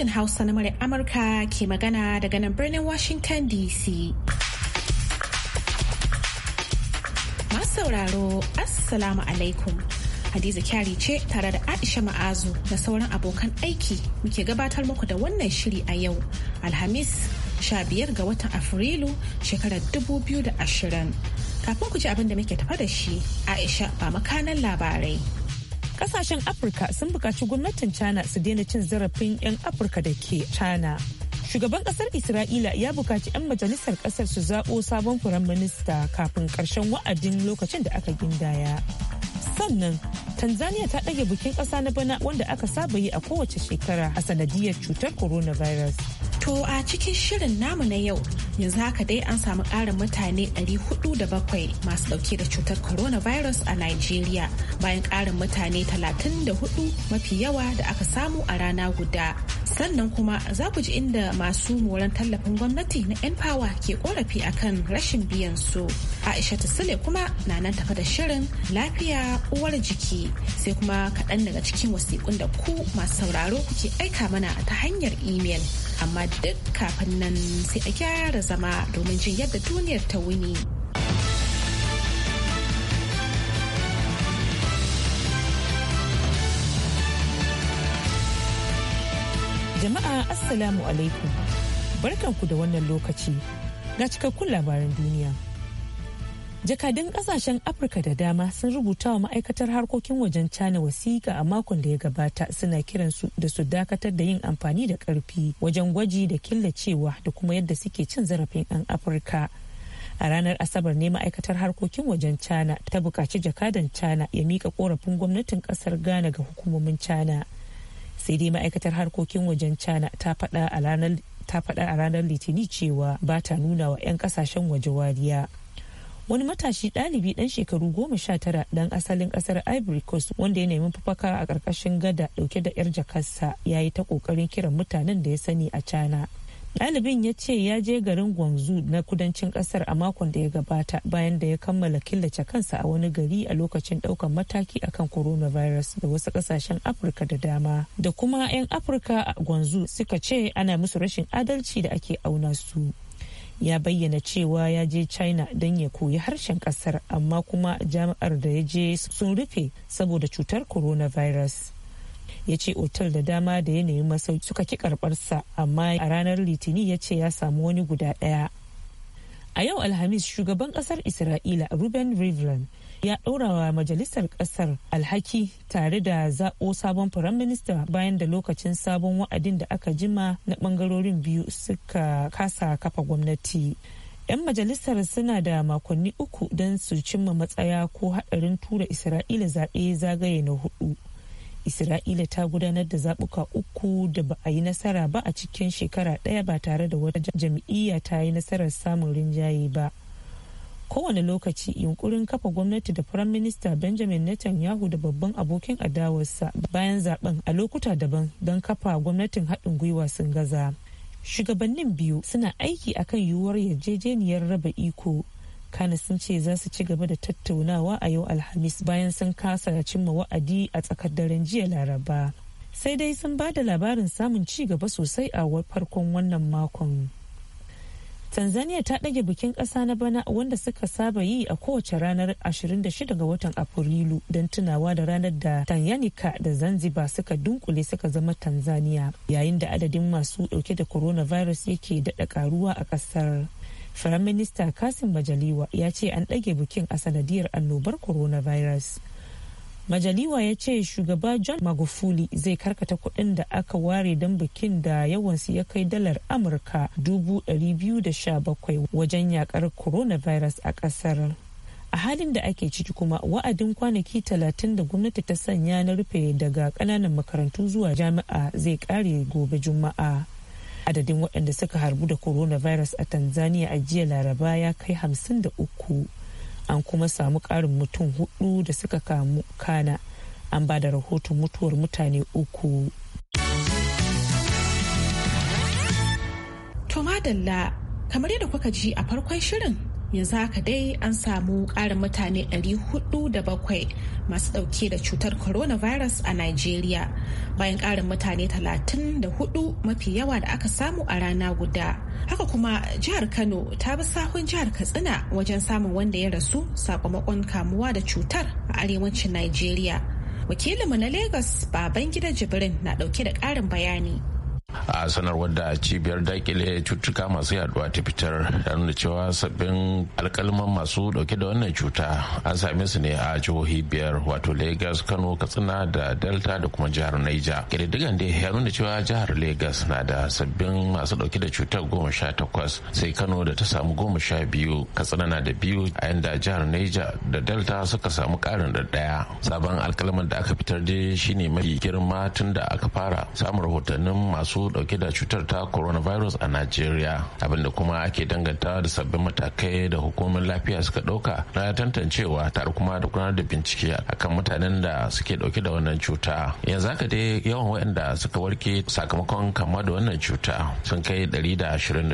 sashen Hausa na murya Amurka ke magana daga nan birnin Washington DC. Masu sauraro, Assalamu alaikum. Hadiza Kyari ce tare da Aisha Ma'azu da sauran abokan aiki muke gabatar muku da wannan shiri a yau, Alhamis, biyar ga watan Afrilu shekarar 2020. Kafin ku ji abin da muke tafa da shi, Aisha ba makanan labarai. kasashen afirka sun buƙaci gwamnatin china su daina cin zarafin 'yan afirka da ke china shugaban kasar isra'ila ya bukaci 'yan majalisar kasar su zaɓo sabon firaminista kafin ƙarshen wa'adin lokacin da aka gindaya sannan tanzania ta ɗage bikin ƙasa na bana wanda aka saba yi a kowace shekara a sanadiyar cutar coronavirus To a cikin shirin namu na yau yanzu haka dai an samu ƙarin mutane 407 masu ɗauke da cutar coronavirus a Najeriya bayan ƙarin mutane 34 mafi yawa da aka samu a rana guda. Sannan kuma za ku ji inda masu moran tallafin gwamnati na 'yan fawa ke korafi akan rashin biyan su. Aisha Sule kuma na nan tafa da shirin lafiya uwar jiki sai kuma kaɗan daga cikin wasiƙun da ku masu sauraro ke aika mana ta hanyar imel. amma duk kafin nan sai a gyara zama domin jin yadda duniyar ta wuni. Jama'a Assalamu alaikum. Barkanku da wannan lokaci. Ga cikakkun labaran duniya. jakadun kasashen afirka da dama sun rubuta wa ma'aikatar harkokin wajen cana wasiƙa a makon da ya gabata suna kiran su da su dakatar da yin amfani da karfi wajen gwaji da killacewa da kuma yadda suke cin zarafin 'yan afirka a ranar asabar ne ma'aikatar harkokin wajen cana ta buƙaci jakadan cana ya mika korafin gwamnatin ƙasar ghana ga hukumomin cana sai dai ma'aikatar harkokin wajen cana ta faɗa a ranar ta litinin cewa ba ta nuna wa 'yan kasashen waje wariya wani matashi ɗalibi ɗan shekaru goma sha tara ɗan asalin ƙasar ivory coast wanda ya nemi fafaka a ƙarƙashin gada ɗauke da 'yar jakarsa ya yi ta ƙoƙarin kiran mutanen da ya sani a china ɗalibin ya ce ya je garin guangzhou na kudancin ƙasar a makon da ya gabata bayan da ya kammala killace kansa a wani gari a lokacin ɗaukar mataki akan coronavirus da wasu ƙasashen afirka da dama da kuma 'yan afirka a guangzhou suka ce ana musu rashin adalci da ake auna su ya bayyana cewa ya je china don ya koyi harshen kasar amma kuma jami'ar da ya je sun rufe saboda cutar coronavirus ya ce otal da dama da yanayin masauki suka ki karbarsa amma a ranar litini ya ce ya samu wani guda daya a yau alhamis shugaban kasar isra'ila ruben rivlin ya ɗaurawa majalisar kasar alhaki tare da zaɓo sabon firaminista bayan da lokacin sabon wa'adin da aka jima na ɓangarorin biyu suka kasa kafa gwamnati 'yan majalisar suna da makonni uku don su cimma matsaya ko haɗarin tura isra'ila zaɓe zagaye na hudu isra'ila ta gudanar da zaɓuka uku da ba a yi nasara ba a cikin shekara ɗaya ba tare da wata jam'iyya ta yi nasarar samun rinjaye ba kowane lokaci yunkurin kafa gwamnati da firayim minista benjamin netanyahu da babban abokin adawarsa bayan zaben a lokuta daban don kafa gwamnatin haɗin gwiwa sun gaza shugabannin biyu suna aiki akan yiwuwar yarjejeniyar raba iko kana sun ce za su ci gaba da tattaunawa a yau alhamis bayan sun kasa cimma wa'adi a tsakar daren jiya laraba sai dai sun ba da labarin samun ci gaba sosai a farkon wannan makon tanzania ta ɗage bikin ƙasa na bana wanda suka saba yi a kowace ranar 26 ga watan afrilu don tunawa da ranar da tanganyika da zanzibar suka dunkule suka zama tanzania yayin da adadin masu ɗauke da coronavirus yake daɗa ƙaruwa a ƙasar Firaminista Kasim Majaliwa ya ce an ɗage bikin a sanadiyar annobar coronavirus. Majaliwa ya ce shugaba John Magufuli zai karkata kuɗin da aka ware don bikin da yawansu ya kai dalar Amurka dubu biyu da sha bakwai wajen yakar coronavirus a ƙasar. a halin da ake ciki kuma wa'adin kwanaki talatin da gwamnati ta sanya na rufe daga kananan makarantu zuwa jami'a zai kare gobe juma'a adadin waɗanda suka harbu da coronavirus a tanzania a jiya laraba ya kai 53 an kuma samu ƙarin mutum hudu da suka kamu kana an ba da rahoton mutuwar mutane uku to madalla kamar yadda kuka ji a farkon shirin yanzu haka dai an samu ƙarin mutane 407 masu ɗauke da cutar coronavirus a nigeria bayan ƙarin mutane 34 mafi yawa da aka samu a rana guda haka kuma jihar kano ta bi sahun jihar katsina wajen samun wanda ya rasu sakamakon kamuwa da cutar a arewacin nigeria wakilinmu na lagos baban gida jibrin na ɗauke da ƙarin bayani a sanarwar da cibiyar dakile cutuka masu yaduwa ta fitar da nuna cewa sabbin alkalman masu dauke da wannan cuta an same su ne a jihohi biyar wato lagos kano katsina da delta da kuma jihar naija kididdigan da ya nuna cewa jihar lagos na da sabbin masu dauke da cutar goma sha takwas sai kano da ta samu goma sha biyu katsina na da biyu a yanda jihar naija da delta suka samu karin da daya sabon alkalman da aka fitar dai shine mafi girma tun da aka fara samun rahotannin masu dauke da cutar ta coronavirus a Najeriya abinda kuma ake danganta da sabbin matakai da hukumar lafiya suka dauka na tantancewa tare kuma da gudanar da bincike akan mutanen da suke dauke da wannan cuta. Yanzu haka dai yawan waɗanda suka warke sakamakon kama da wannan cuta sun kai 128 ashirin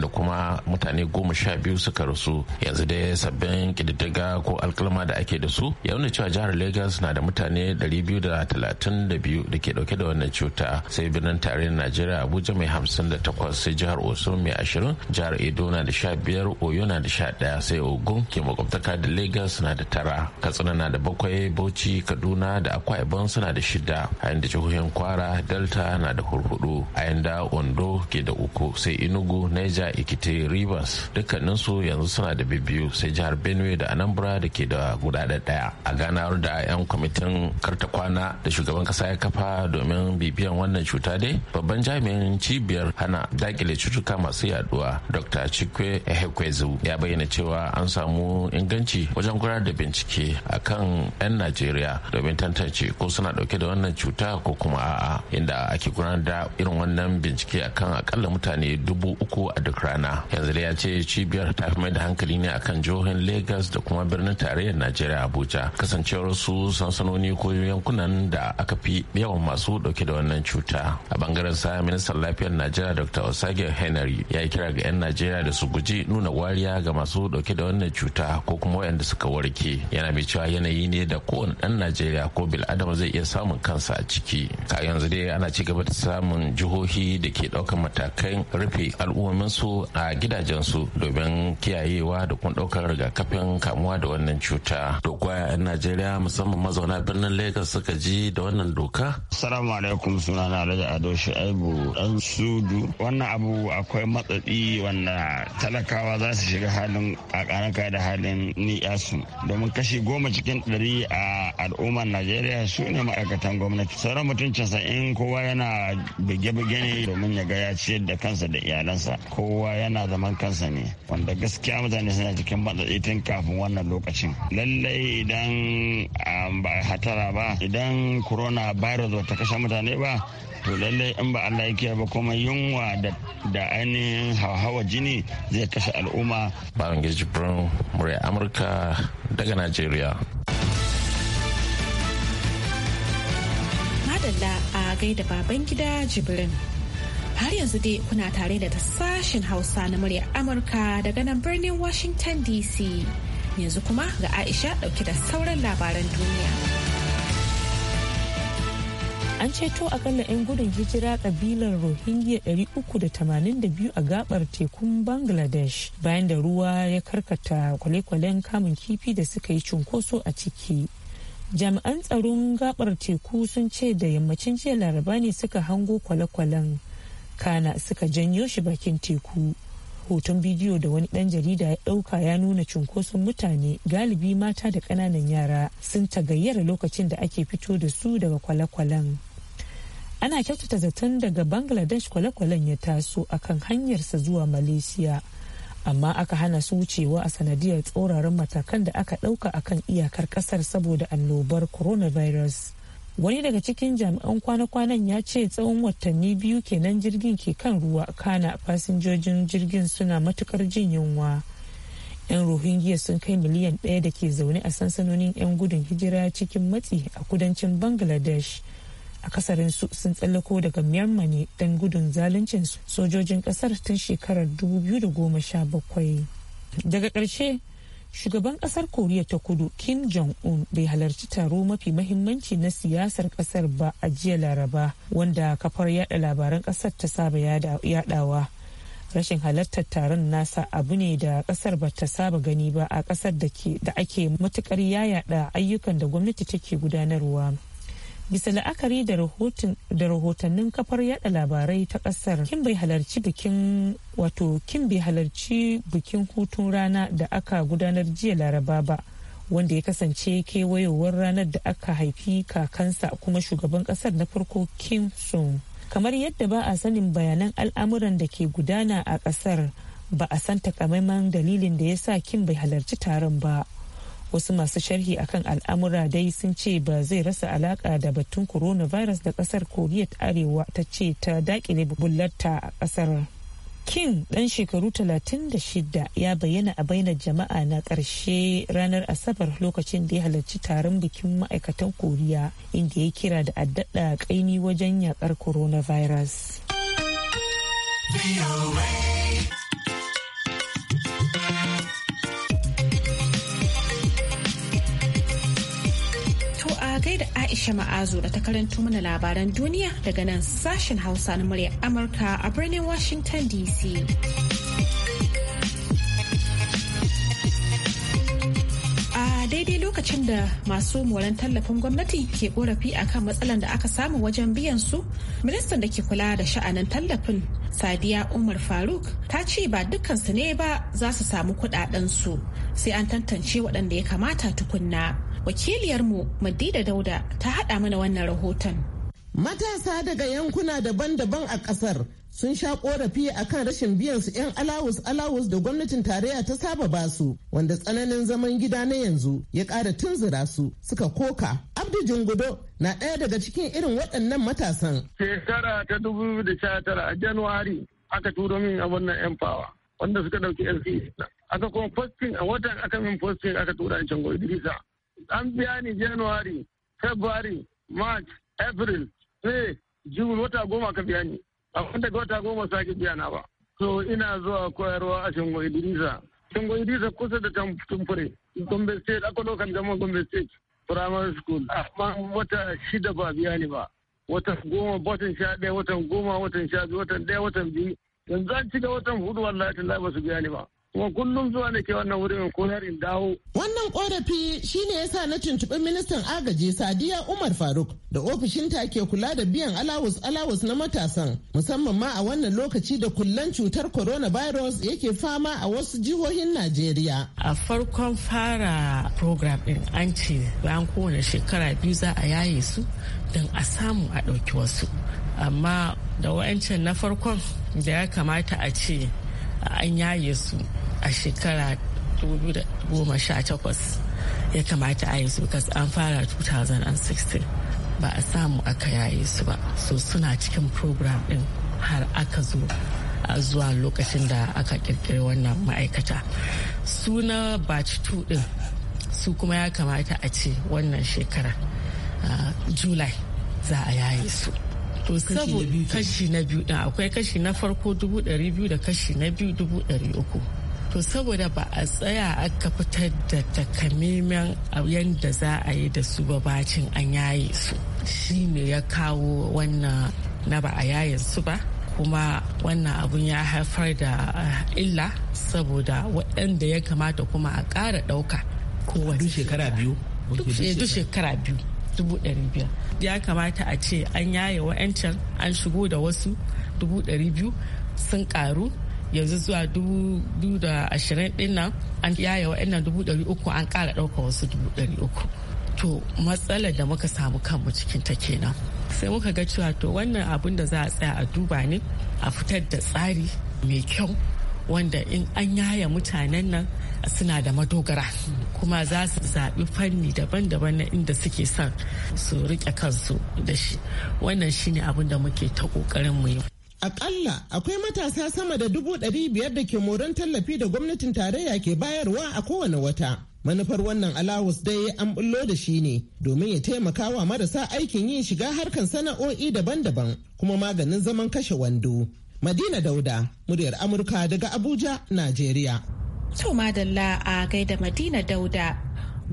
da kuma mutane goma sha biyu suka rasu yanzu dai sabbin kididdiga ko alkalma da ake da su ya nuna cewa jihar Legas na da mutane 232 da ke dauke da wannan cuta sai birnin tare tarayyar najeriya abuja mai 58 da takwas sai jihar osun mai ashirin jihar edo na da sha biyar oyo na da sha ɗaya sai ogun ke makwabtaka da lagos na da tara katsina na da bakwai bauchi kaduna da akwa ibom suna da shida a yanda jihohin kwara delta na da hurhudu a yanda ondo ke da uku sai enugu niger Ekiti rivers su yanzu suna da bibiyu sai jihar benue da anambra da ke da guda daya a ganar da 'yan kwamitin karta kwana da shugaban kasa ya kafa domin bibiyan wannan cuta dai babban jami'in cibiyar hana dakile cutuka masu yaduwa dr chikwe ehekwezu ya bayyana cewa an samu inganci wajen gudanar da bincike akan 'yan najeriya domin tantance ko suna dauke da wannan cuta ko kuma a'a inda ake gudanar da irin wannan bincike akan akalla mutane dubu uku a duk rana yanzu da ya ce cibiyar ta fi mai da hankali ne akan jihohin lagos da kuma birnin tarayyar najeriya abuja kasancewar su sansanoni ko yankunan da aka fi yawan masu dauke da wannan cuta a bangaren sa ministan lafiyar najeriya dr osage henry ya yi kira ga 'yan najeriya da su guji nuna wariya ga masu dauke da wannan cuta ko kuma waɗanda suka warke yana mai cewa yanayi ne da kowane ɗan najeriya ko bil'adama zai iya samun kansa a ciki ka yanzu dai ana ci gaba da samun jihohi da ke ɗaukar matakan rufe al'ummominsu a gidajensu domin kiyayewa da kuma ɗaukar rigakafin kamuwa da wannan cuta dokwaya 'yan najeriya musamman mazauna birnin lagos suka ji da wannan doka assalamu alaikum sunana alhaji ado shi Abu dan sudu wannan abu akwai matsatsi wanda talakawa za su shiga halin karanka da halin ni'yasu domin kashi goma cikin ɗari a al'ummar najeriya su ne ma'aikatan gwamnati sauran mutum in kowa yana bige-bige ne domin ya ga ya ciyar da kansa da iyalansa kowa yana zaman kansa ne wanda gaskiya mutane suna cikin matsatsi tun kafin wannan lokacin lallai idan ah, ba hatara ba idan corona virus ta kashe mutane ba to lallai in ba Allah yake ba kuma yunwa da ainihin hawa jini zai kashe al'umma. Baron Gijibrin murya Amurka daga Najeriya. Madalla a gaida baban gida Jibrin. Har yanzu dai kuna tare da tasashen sashen Hausa na murya Amurka daga nan birnin Washington DC. Yanzu kuma ga Aisha dauke da sauran labaran duniya. an ceto a akalla 'yan gudun hijira kabilar rohingya 382 a gabar tekun bangladesh bayan da ruwa ya karkata kwale-kwalen kamun kifi da suka yi cunkoso a ciki jami'an tsaron gabar teku sun ce da yammacin jiya laraba ne suka hango kwale-kwalen kana suka janyo shi bakin teku hoton bidiyo da wani dan jarida ya dauka ya nuna cunkoson mutane galibi mata da kananan yara sun tagayyara lokacin da ake fito da su daga kwale-kwalen ana kyautata zaton daga bangladesh kwale-kwalen ya taso akan hanyarsa zuwa malaysia amma aka hana su wucewa a sanadiyar tsoraran matakan da aka dauka akan iyakar kasar saboda annobar coronavirus wani daga cikin jami'an kwana-kwanan ya ce tsawon watanni biyu kenan jirgin ke kan ruwa kana fasinjojin jirgin suna matukar jin yunwa yan rohingya sun kai miliyan ɗaya da ke zaune a sansanonin 'yan gudun hijira cikin matsi a kudancin bangladesh akasarin su sun tsallako daga myanmar ne don gudun zaluncin sojojin kasar tun shekarar 2017 daga ƙarshe shugaban kasar koriya ta kudu kim jong-un bai halarci taro mafi mahimmanci na siyasar kasar ba a jiya laraba wanda kafar yada labaran kasar ta saba yadawa rashin halartar taron nasa abu ne da kasar ba ta saba gani ba a kasar da ake matukar yayada ayyukan da gwamnati take gudanarwa bisa la'akari da rahotannin kafar yada labarai ta kasar kin bai halarci bikin wato kin bai halarci bikin hutun rana da aka gudanar jiya laraba ba wanda ya kasance kewayowar ranar da aka haifi kakansa kuma shugaban kasar na farko kim sun kamar yadda ba a sanin bayanan al'amuran da ke gudana a kasar ba a san takamaiman dalilin da ya sa kim bai halarci taron ba wasu masu sharhi akan al'amura dai sun ce ba zai rasa alaka da batun coronavirus da kasar koriya ta arewa ta ce ta dakile bullarta a kasar king dan shekaru 36 ya bayyana a bainar jama'a na karshe ranar asabar lokacin da ya halarci taron bikin ma'aikatan koriya inda ya kira da addada kaini wajen yakar coronavirus. a gaida Aisha Ma'azu da ta karanto mana labaran duniya daga nan sashen Hausa na murya Amurka a birnin Washington DC. A daidai lokacin da masu moran tallafin gwamnati ke korafi akan matsalar da aka samu wajen biyan su, ministan da ke kula da sha'anin tallafin Sadiya Umar Faruk ta ce ba dukkansu ne ba za su samu kudaden su sai an tantance waɗanda ya kamata tukunna. wakiliyarmu madida dauda ta hada mana wannan rahoton matasa daga yankuna daban-daban a kasar sun sha korafi akan rashin biyan su 'yan alawus alawus da gwamnatin tarayya ta saba basu wanda tsananin zaman gida na yanzu ya ƙara tunzura su suka koka abdu jingudo na ɗaya daga cikin irin waɗannan matasan shekara ta dubu da sha tara a januwari aka turo min a wannan yan fawa wanda suka ɗauki yan aka kuma posting a watan aka min posting aka tura can goyi idrisa an biya ni january february march april may june wata goma ka biya ni amma daga wata goma sake biya na ba so ina zuwa koyarwa a shingo idrisa shingo idrisa kusa da tumfure gombe state akwai lokan gama gombe state primary school amma wata shida ba biya ni ba watan goma watan sha ɗaya watan goma watan sha biyu watan ɗaya watan biyu yanzu an ci watan hudu wallahi tallahi ba su biya ni ba kuma kullum zuwa nake wannan wurin koyar in dawo. Wannan korafi shine yasa na tuntuɓi ministan agaji Sadiya Umar Faruk da ofishin ta ke kula da biyan alawus alawus na matasan musamman ma a wannan lokaci da kullan cutar coronavirus yake fama a wasu jihohin Najeriya. A farkon fara program din an ce bayan kowane shekara biyu za a yaye su don a samu a ɗauki wasu. Amma da wa'ancan na farkon da ya kamata a ce an yaye su a shekara 2018 ya kamata a yi su kas an fara 2016 ba a samu aka yaye su ba so suna cikin program din har aka zo a zuwa lokacin da aka kirkiri wannan ma'aikata suna batch 2 din su kuma ya kamata a ce wannan shekara july za a yaye su saboda kashi na biyu akwai kashi na farko biyu da kashi na biyu uku. to saboda ba a tsaya aka fitar da takamaiman yadda za a yi da su ba bacin an yaye su shi ne ya kawo wannan na ba a yayin su ba kuma wannan abun ya haifar da eh, illa saboda waɗanda ya kamata kuma a ƙara ɗauka kowace shekara biyu duk shekara biyu dubu ɗari biyar ya kamata a ce an yaye wa'ancan an shigo da wasu dubu ɗari biyu sun ƙaru yanzu zuwa dubu da ashirin din nan an yaya wa'annan dubu ɗari uku an ƙara ɗauka wasu dubu ɗari uku to matsalar da muka samu kanmu cikin ta kenan sai muka ga cewa to wannan abin da za a tsaya a duba ne a fitar da tsari mai kyau wanda in an yaya mutanen nan suna da madogara kuma za su zaɓi fanni daban-daban na inda suke son su riƙe kansu da shi wannan shine abin da muke ta ƙoƙarin mu yi Akalla akwai matasa sama da dubu ɗari biyar da ke moran tallafi da gwamnatin tarayya ke bayarwa a kowane wata. Manufar wannan alawus dai an bullo da shi ne domin ya taimaka wa marasa aikin yin shiga harkan sana'o'i daban-daban kuma maganin zaman kashe wando. Madina Dauda, muryar Amurka daga Abuja, Najeriya. To madalla a gaida Madina Dauda,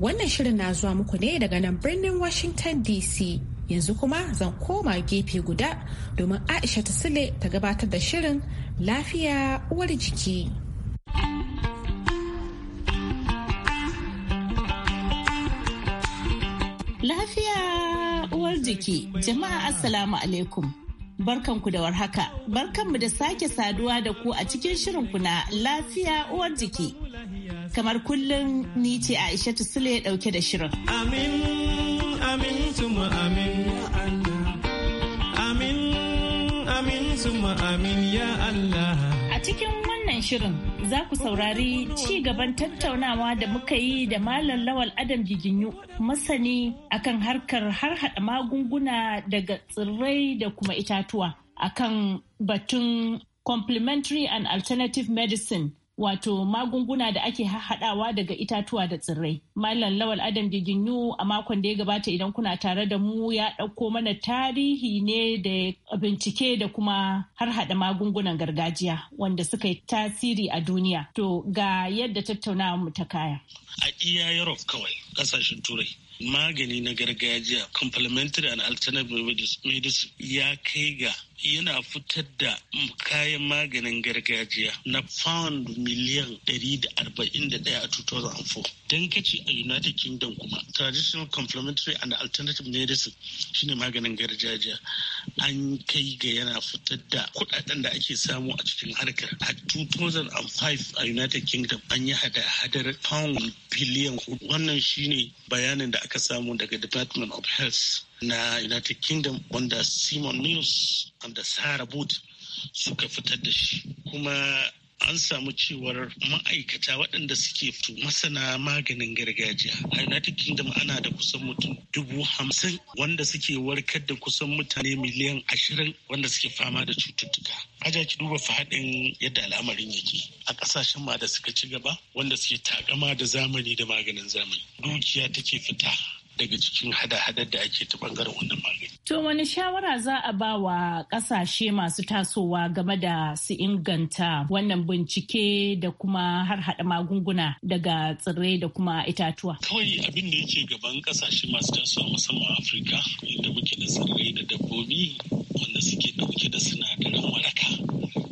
wannan shirin na zuwa muku ne daga nan birnin Washington DC. yanzu kuma zan koma gefe guda domin aisha ta sile ta gabatar da shirin lafiya uwar jiki lafiya uwar jiki jama'a assalamu alaikum barkanku da warhaka barkanmu da sake saduwa da ku a cikin shirinku na lafiya uwar jiki kamar kullum ni ce aisha sule dauke da shirin amin a cikin wannan shirin za ku saurari ci gaban tattaunawa da muka yi da Malam Lawal Adam Giginyu masani akan harkar harhaɗa magunguna daga tsirrai da kuma itatuwa akan batun complementary and alternative medicine wato magunguna da ake haɗawa daga itatuwa da tsirrai. Malam Lawal Adam Giginyu a makon da ya gabata idan kuna tare da mu ya ɗauko mana tarihi ne da bincike da kuma har haɗa magungunan gargajiya wanda suka yi tasiri a duniya. To ga yadda tattaunawa mu ta kaya. A iya Europe kawai ƙasashen Turai. Magani na gargajiya complementary and alternative medicine ya kai ga yana fitar da kayan maganin gargajiya na pound miliyan 141 a 2004 don kace a united kingdom kuma traditional complementary and alternative medicine shine maganin gargajiya an kai ga yana fitar da kudaden da ake samu a cikin harkar a 2005 a united kingdom an yi hada-hadar pound biliyan wannan shine bayanin da aka samu daga department of health na united kingdom wanda simon mills da sarah boot suka fitar da shi kuma an samu cewar ma'aikata waɗanda suke fito masana maganin gargajiya a united kingdom ana da kusan mutum dubu hamsin wanda suke warkar da kusan mutane miliyan ashirin wanda suke fama da cututtuka aja ki duba faɗin yadda al'amarin yake a ƙasashen ma da suka ci gaba wanda suke takama da zamani da maganin zamani dukiya take fita daga cikin hada-hadar da ake ta bangaren wannan magani. To wani shawara za a ba wa kasashe masu tasowa game da su inganta wannan bincike da kuma har hada magunguna daga tsirrai da kuma itatuwa. Kawai abin da yake gaban kasashe masu tasowa musamman Afirka inda muke da tsirrai da dabbobi wanda suke dauke da sinadaran waraka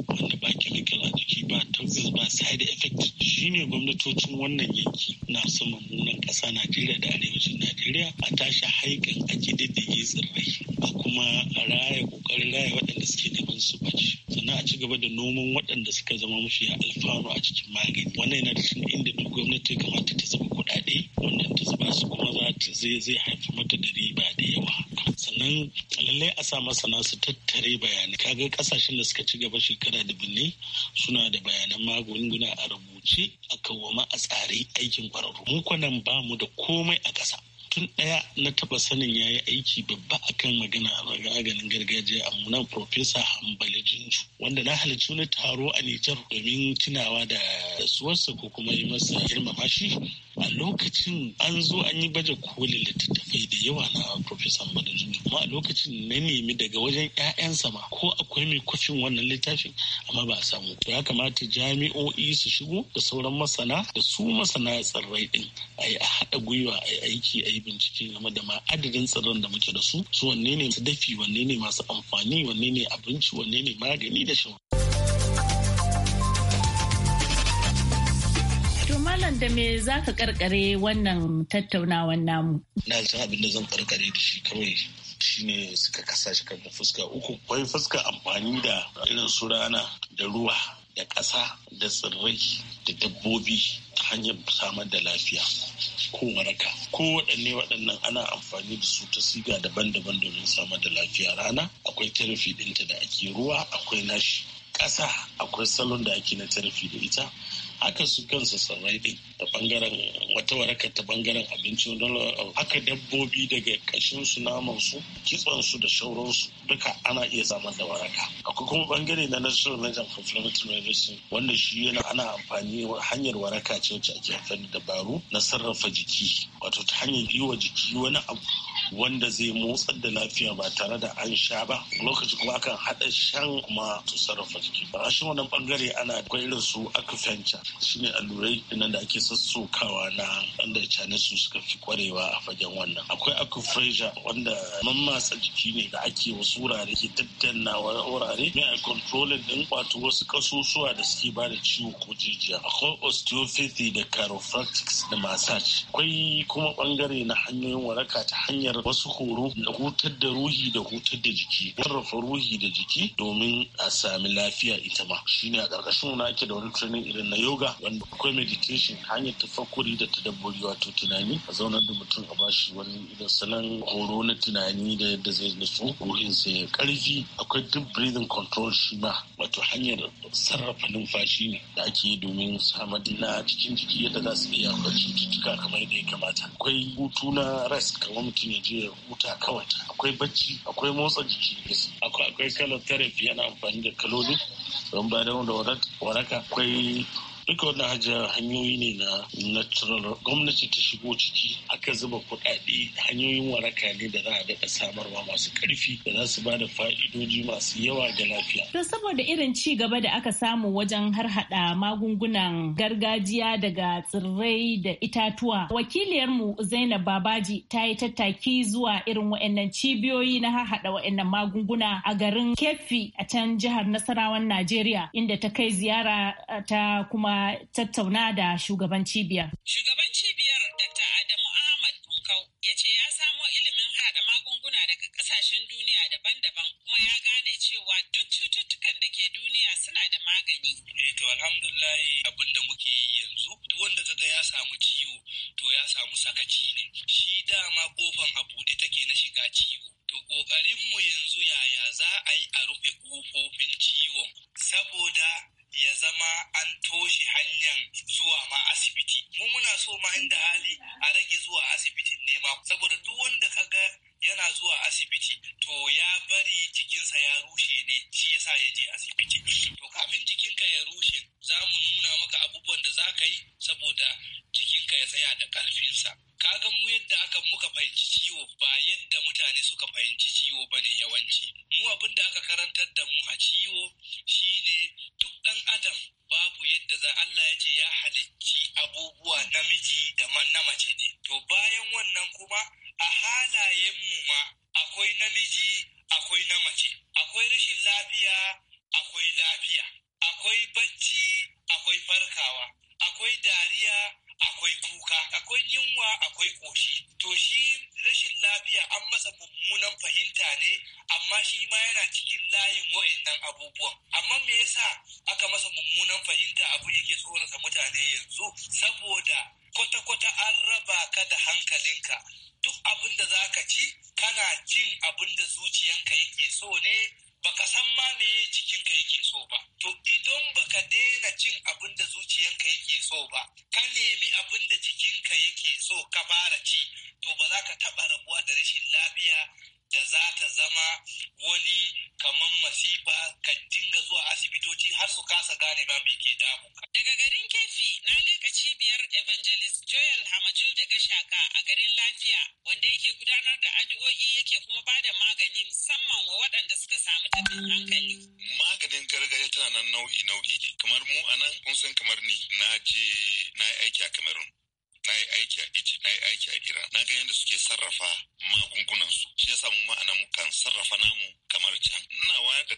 wanda ba chemical yanki ba tabbas ba side effect shine gwamnatocin wannan yanki na su mummunan ƙasa Najeriya da arewacin Najeriya a tashi haikan ake kididdige tsirrai a kuma raya ƙoƙarin raya waɗanda suke neman su bace sannan a ci gaba da noman waɗanda suka zama mafi alfano a cikin magani wannan yana da cikin inda duk gwamnati kamata ta zuba kuɗaɗe wannan ta zuba su kuma za ta zai zai haifi mata da riba da yawa sannan lallai a sa masana su tattare bayanai kaga kasashen da suka ci gaba shekara da binne suna da bayanan magunguna a rubuce a kawoma a tsari aikin kwararru mu kwanan ba mu da komai a ƙasa tun ɗaya na taɓa sanin ya yi aiki babba akan magana a maganin gargajiya a munan Profesa Hambali Jinju wanda na halarci wani taro a Nijar domin tunawa da suwarsa ko kuma yi masa girmama shi a lokacin an zo an yi baje koli littattafai da yawa na professor Badajun kuma a lokacin na nemi daga wajen ya'yan sama ko akwai mai kwafin wannan littafin amma ba a samu ya kamata jami'o'i su shigo da sauran masana da su masana tsirrai din a yi a haɗa gwiwa a yi aiki a yi bincike game da ma adadin tsirran da muke da su su wanne ne su dafi wanne ne masu amfani wanne ne abinci wanne ne magani da shawarwari. Malam da me za ka karkare wannan tattaunawan namu? Na san abin da zan karkare da shi kawai shi ne suka kasa shi kan fuska uku. Kwai fuska amfani da irin su rana da ruwa da ƙasa da tsirrai da dabbobi ta hanyar samar da lafiya ko waraka ko waɗanne waɗannan ana amfani da su ta siga daban-daban domin samar da lafiya rana akwai tarafi ɗinta da ake ruwa akwai nashi ƙasa akwai salon da ake na tarafi da ita haka su kansu sarrai ɗin ta bangaren wata waraka ta bangaren abinci haka dabbobi daga kashin su naman su kitson su da su duka ana iya samar da waraka akwai kuma bangare na national for complementary medicine wanda shi yana ana amfani hanyar waraka ce wacce ake amfani dabaru na sarrafa jiki wato ta hanyar yi wa jiki wani abu wanda zai motsar da lafiya ba tare da an sha ba lokaci kuma akan haɗa shan kuma su sarrafa jiki a shi wannan bangare ana akwai irin su akufenca shine allurai nan da ake sassokawa na wanda chinese su suka fi kwarewa a fagen wannan akwai akufreja wanda mammatsa jiki ne da ake wasu wurare ke daddanna wurare ne a controlling din wato wasu kasusuwa da suke ba da ciwo ko jijiya akwai osteopathy da chiropractics da massage akwai kuma bangare na hanyoyin waraka ta hanyar wasu horo na hutar da ruhi da hutar da jiki sarrafa ruhi da jiki domin a sami lafiya ita ma shine a ƙarƙashin wani ake da wani training irin na yoga wanda akwai meditation hanyar tafakuri da ta tadabburi wato tunani a zaunar da mutum a bashi wani irin salon horo na tunani da yadda zai nutsu sai ya ƙarfi akwai deep breathing control shi ma wato hanyar sarrafa numfashi ne da ake yi domin samar na cikin jiki yadda za su iya cututtuka kamar yadda ya kamata akwai hutu na rest kamar mutum ya je ya huta kawai akwai bacci akwai motsa jiki akwai kalar kalotherapy yana amfani da kaloli don bayan da waraka akwai duka wannan hajjar hanyoyi ne na natural gwamnati ta shigo ciki aka zuba kuɗaɗe hanyoyin waraka ne da za a daɗa samarwa masu ƙarfi da za su ba da fa'idoji masu yawa ga lafiya. To saboda irin ci gaba da aka samu wajen harhaɗa magungunan gargajiya daga tsirrai da itatuwa Wakiliyar mu Zainab Babaji ta yi tattaki zuwa irin wa'annan cibiyoyi na harhaɗa wa'annan magunguna a garin kefi a can jihar Nasarawan Najeriya inda ta kai ziyara eh, ta kuma kuwa tattauna da shugaban cibiyar. Shugaban cibiyar Dr. Adamu Ahmad Bunkau ya ce ya samo ilimin haɗa magunguna daga ƙasashen duniya daban-daban kuma ya gane cewa duk cututtukan da ke duniya suna da magani. Eh to alhamdulillahi abin da muke yi yanzu duk wanda ta ya samu ciwo to ya samu sakaci ne. Shi dama kofan a buɗe take na shiga ciwo. To ƙoƙarinmu yanzu yaya za a yi a rufe ƙofofin ciwon saboda ya zama an toshe hanyar zuwa ma asibiti mu muna so ma inda hali a rage zuwa asibitin nema saboda duk wanda ka ga. yana zuwa asibiti to ya bari jikinsa ya rushe ne shi yasa ya je asibiti to kafin jikinka ya rushe za mu nuna maka abubuwan da za ka yi saboda jikinka ya tsaya da ƙarfinsa kaga mu yadda aka muka fahimci ciwo ba yadda mutane suka fahimci ciwo ba ne yawanci mu abin da aka karantar da mu a ciwo shine duk ɗan adam babu yadda za Allah ya ce ya halicci abubuwa namiji da na mace ne to bayan wannan kuma a halayenmu ma akwai namiji akwai na mace akwai rashin lafiya akwai lafiya akwai bacci akwai farkawa akwai dariya akwai kuka akwai yunwa akwai ƙoshi to shi rashin lafiya an masa mummunan fahimta ne amma shi ma yana cikin layin wa'annan abubuwan amma me yasa aka masa mummunan fahimta abu yake tsorata mutane yanzu saboda kwata-kwata an raba ka da hankalinka abin da za ka ci kana cin abin da zuciyanka yake so ne baka san ma me jikinka yake so ba to idan baka daina cin abin da zuciyanka yake so ba ka nemi abin da jikinka yake so ka fara ci to ba za ka taba rabuwa da rashin lafiya da za ta zama wani kamar masifa ka dinga zuwa asibitoci har su kasa gane ma me ke damu. Daga garin Kefi na leka cibiyar Evangelist Joel Hamajul da Gashaka a garin Lafiya wanda yake gudanar da addu'o'i yake kuma ba da magani musamman wa waɗanda suka samu tabin hankali. Maganin gargajiya tana nan nau'i nau'i ne kamar mu a nan kun kamar ni na je na yi aiki a Cameroon. na yi aiki a Egypt na yi aiki a Iran na ga yadda suke sarrafa magungunansu su shi ya mu ma'ana mukan sarrafa namu kamar can ina wayar da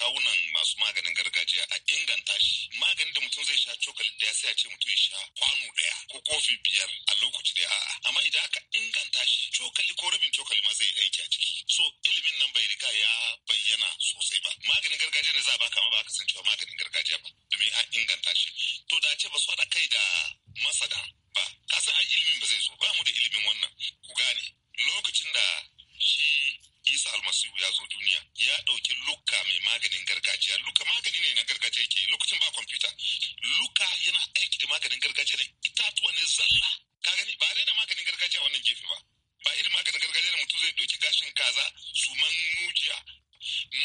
kawunan masu maganin gargajiya a inganta shi maganin da mutum zai sha cokali daya sai a ce mutum ya sha kwano ɗaya ko kofi biyar a lokaci da a'a amma idan aka inganta shi cokali ko rabin cokali ma zai yi aiki a ciki so ilimin nan bai riga ya bayyana sosai ba maganin gargajiya da za a baka ma ba ka san cewa maganin gargajiya ba domin an inganta shi to da ce ba su haɗa kai da masada ba san ai ilimin ba zai zo ba mu da ilimin wannan ku gane lokacin da shi isa almasihu ya zo duniya ya ɗauki luka mai maganin gargajiya luka magani ne na gargajiya yake lokacin ba kwamfuta luka yana aiki da maganin gargajiya ne itatuwa ne zalla ka gani ba da maganin gargajiya wannan gefe ba ba irin maganin gargajiya da mutum zai ɗauki gashin kaza suman nujiya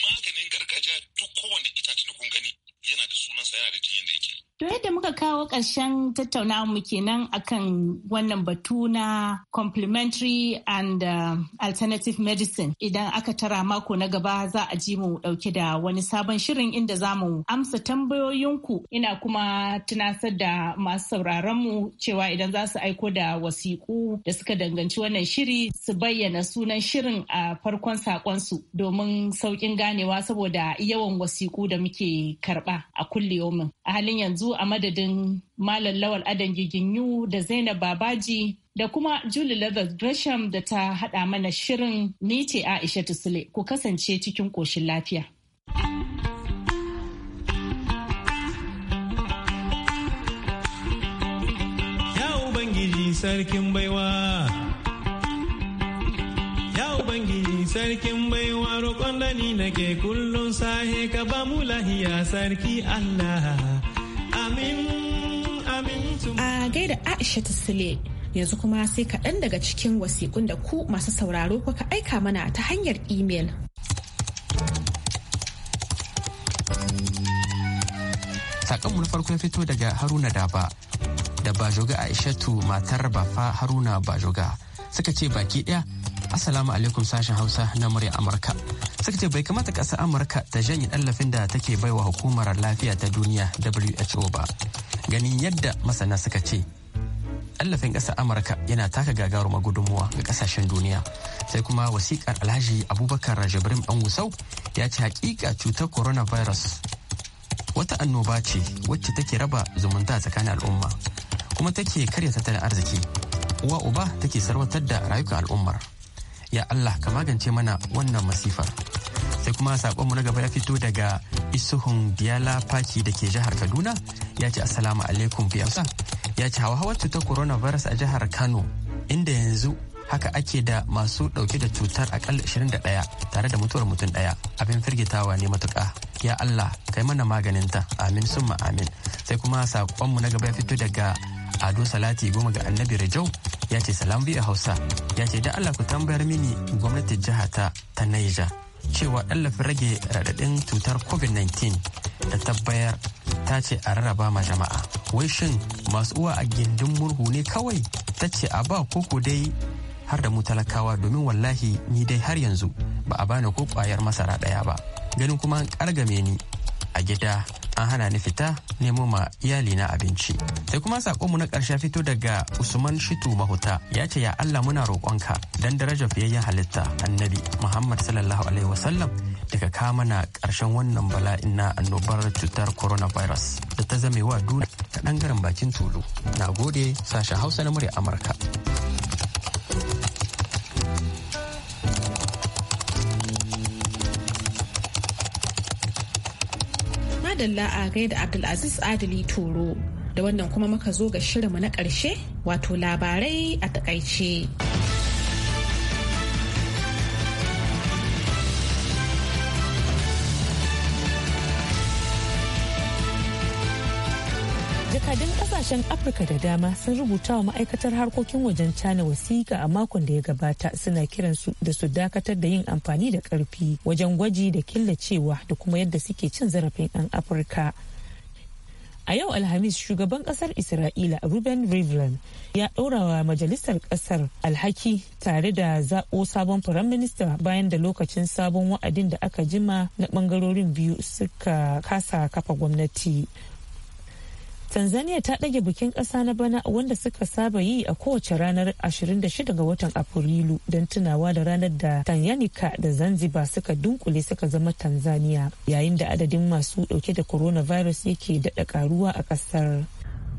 maganin gargajiya duk kowanne itacen da kun gani yana da sunansa yana da jinyan da yake To yadda muka kawo ƙarshen tattaunawa mu kenan akan wannan batu na complementary and uh, alternative medicine idan aka tara mako na gaba za a ji mu ɗauke da wani sabon shirin inda za mu amsa tambayoyinku ina kuma tunasar da masu sauraron mu cewa idan za su aiko da wasiƙu da suka danganci wannan shiri su bayyana sunan shirin a farkon su domin sauƙin ganewa saboda yawan wasiƙu da muke karɓa a kulliyomin. A halin yanzu a madadin Malam Lawal Adan Giginyu da Zainab Babaji da kuma Julie Leather Gresham da ta haɗa mana shirin ni ce Aisha Tusile ku kasance cikin ƙoshin lafiya. Ya Ubangiji sarkin baiwa. Ubangiji sarkin baiwa roƙon da ni nake kullum sahe ka ba mu lahiya sarki Allah. A gaida Aisha ta sile yanzu kuma sai kaɗan daga cikin wasiƙun da ku masu sauraro kuka aika mana ta hanyar imel. Saƙonmu na farko ya fito daga Haruna Daba da Bajoga Aishatu matar Bafa Haruna Bajoga suka ce baki ɗaya Assalamu alaikum sashen Hausa na murya Amurka. Sakace bai kamata ƙasar Amurka ta janye ɗallafin da take baiwa hukumar lafiya ta duniya WHO ba. Ganin yadda masana suka ce, tallafin ƙasar Amurka yana taka gagaru gudunmuwa ga ƙasashen duniya. Sai kuma wasiƙar Alhaji Abubakar Jibrin ɗan Gusau ya ce haƙiƙa cutar coronavirus wata annoba ce wacce take raba zumunta tsakanin al'umma kuma take karya tattalin arziki. Uwa uba take sarwatar da rayukan al'ummar. ya Allah ka magance mana wannan masifar sai kuma saƙonmu na gaba ya fito daga isuhun diyala faki da ke jihar kaduna ya ce assalamu alaikum fiyamsa ya ce hawa cutar coronavirus a jihar kano inda yanzu haka ake da masu ɗauke da cutar akalla ɗaya. tare da mutuwar mutum ɗaya abin firgitawa ne matuƙa. ya allah kai mana maganinta amin summa amin sai kuma saƙonmu na gaba ya fito daga ado salati goma ga annabi rajau ya ce salam biyu hausa ya ce da allah ku tambayar mini gwamnatin jiha ta ta naija cewa tallafin rage radadin cutar covid-19 da tabbayar ta ce a rarraba ma jama'a wai shin masu uwa a gindin murhu ne kawai ta ce a ba koko dai har da mu talakawa domin wallahi ni dai har yanzu ba a bani ko kwayar masara daya ba ganin kuma an ƙargame ni a gida an hana ni fita nemo ma iyali abinci sai kuma sakonmu na karshe fito daga usman shitu mahuta ya ce ya allah muna roƙonka dan daraja fiyayyen halitta annabi muhammad sallallahu alaihi wasallam daga kama na karshen wannan bala'in na annobar cutar coronavirus da ta zame wa duniya ta garin bakin tulu na gode sashen hausa na murya amurka madalla a gaida Abdulaziz Adili toro Da wannan kuma muka zo ga shirinmu na ƙarshe wato labarai a takaice. jakadun kasashen afirka da dama sun rubuta wa ma'aikatar harkokin wajen cana wasiƙa a makon da ya gabata suna kiran su da su dakatar da yin amfani da ƙarfi wajen gwaji da killacewa da kuma yadda suke cin zarafin 'yan afirka a yau alhamis shugaban kasar isra'ila ruben rivlin ya ɗora wa majalisar kasar alhaki tare da zaɓo sabon firaminista bayan da lokacin sabon wa'adin da aka jima na ɓangarorin biyu suka kasa kafa gwamnati tanzania ta ɗage bikin ƙasa na bana wanda suka saba yi a kowace ranar 26 ga watan afrilu don tunawa da ranar da tanganyika da zanzibar suka dunkule suka zama tanzania yayin da adadin masu ɗauke da coronavirus yake daɗa ƙaruwa a ƙasar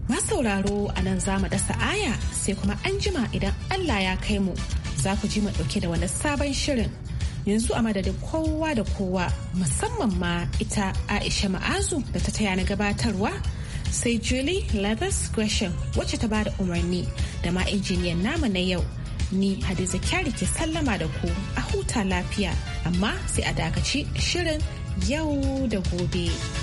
masauraro a nan za mu ɗasa aya sai kuma an jima idan allah ya kai mu za ku ji mu ɗauke da wani sabon shirin yanzu a madadin kowa da kowa musamman ma ita aisha ma'azu da ta taya na gabatarwa sai Julie Leathers Gresham wacce ta bada umarni da ma injiniyan nama na yau. Ni Hadiza Kyari ke sallama da ku a huta lafiya amma sai a dakaci shirin yau da gobe.